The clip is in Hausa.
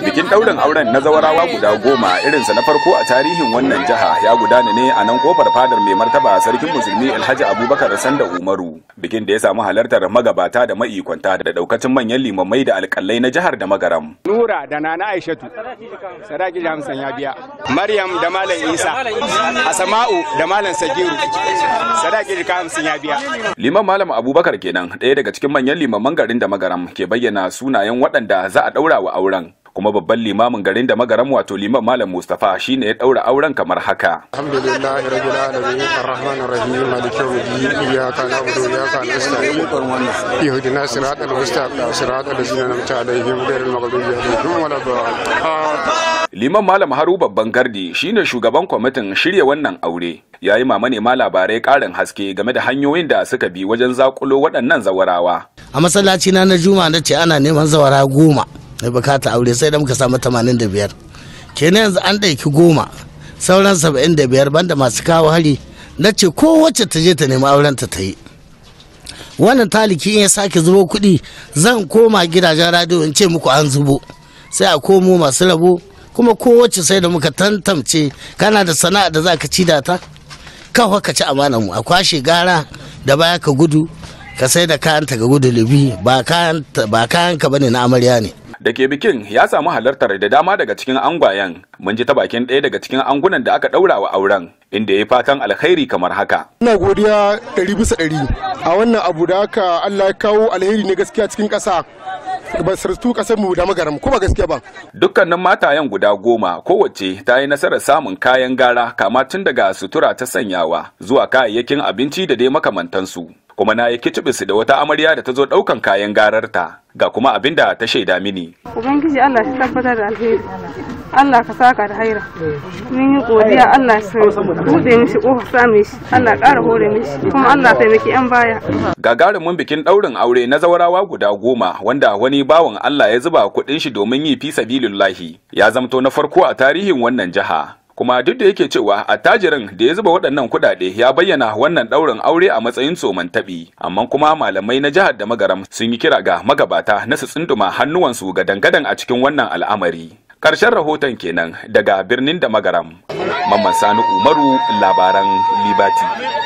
bikin ɗaurin auren na zawarawa guda goma irinsa na farko a tarihin wannan jiha ya gudana ne a nan kofar fadar mai martaba sarkin musulmi alhaji abubakar sanda umaru bikin da ya samu halartar magabata da ma'ikwanta da daukacin manyan limamai da alƙalai na jihar da magaram nura da nana aishatu sadaki jamusan ya biya maryam da malam isa asama'u da malam sagiru sadaki hamsin ya biya liman malam abubakar kenan ɗaya daga cikin manyan limaman garin da magaram ke bayyana sunayen waɗanda za a ɗaura wa auren kuma babban limamin garin da magaram wato liman malam mustafa shine ya daura auren kamar haka alhamdulillahi rabbil alamin arrahmanir rahim maliki yawmiddin iyyaka na'budu wa iyyaka nasta'in ihdinas siratal mustaqim siratal ladzina an'amta alaihim ghayril maghdubi alaihim waladdallin liman malam haru babban gardi shine shugaban kwamitin shirya wannan aure ya yi ma labarai karin haske game da hanyoyin da suka bi wajen zakulo waɗannan zawarawa a masallaci na na juma na ce ana neman zawara goma mai bukata aure sai da muka samu 85 kenan yanzu an ɗauki goma sauran 75 banda masu kawo hari na ce kowace ta je ta nemi auren ta ta yi wannan taliki in ya sake zubo kuɗi zan koma gidajen radio in ce muku an zubo sai a komo masu rabo kuma kowace sai da muka tantance kana da sana'a da za ka ci da ta kawo ka ci amanar mu a kwashe gara da baya ka gudu ka sai da kayanta ga gudu libi ba kayan ka bane na amarya ne da ke bikin ya samu halartar da dama daga cikin angwayen mun ji ta bakin ɗaya daga cikin angunan da aka ɗaura wa auren inda ya yi fatan alkhairi kamar haka. Ina godiya ɗari bisa ɗari a wannan abu da aka Allah ya kawo alheri ne gaskiya cikin ƙasa ba sartu ƙasar mu da magaram kuma gaskiya ba dukkanin matayen guda goma kowace ta yi nasarar samun kayan gara kama tun daga sutura ta sanyawa zuwa kayayyakin abinci da dai makamantansu kuma na yi kicibinsu da wata amarya da ta zo ɗaukan kayan gararta ga kuma abin da ta shaida mini. Ubangiji Allah shi tabbatar da alheri. Allah ka saka da haira. Mun yi godiya Allah shi buɗe mishi ƙofa same shi. Allah ƙara hore mishi kuma Allah taimaki yan baya. Gagarumin bikin ɗaurin aure na zawarawa guda goma wanda wani bawan Allah ya zuba kuɗin shi domin yi fi sabilillahi ya zamto na farko a tarihin wannan jiha. kuma duk da yake cewa attajirin da ya zuba waɗannan kuɗaɗe ya bayyana wannan ɗaurin aure a matsayin tsoman taɓi amma kuma malamai na jihar da magaram sun yi kira ga magabata na su tsunduma hannuwansu ga dangadan a cikin wannan al'amari ƙarshen rahoton kenan daga birnin da magaram mamman sani umaru labaran libati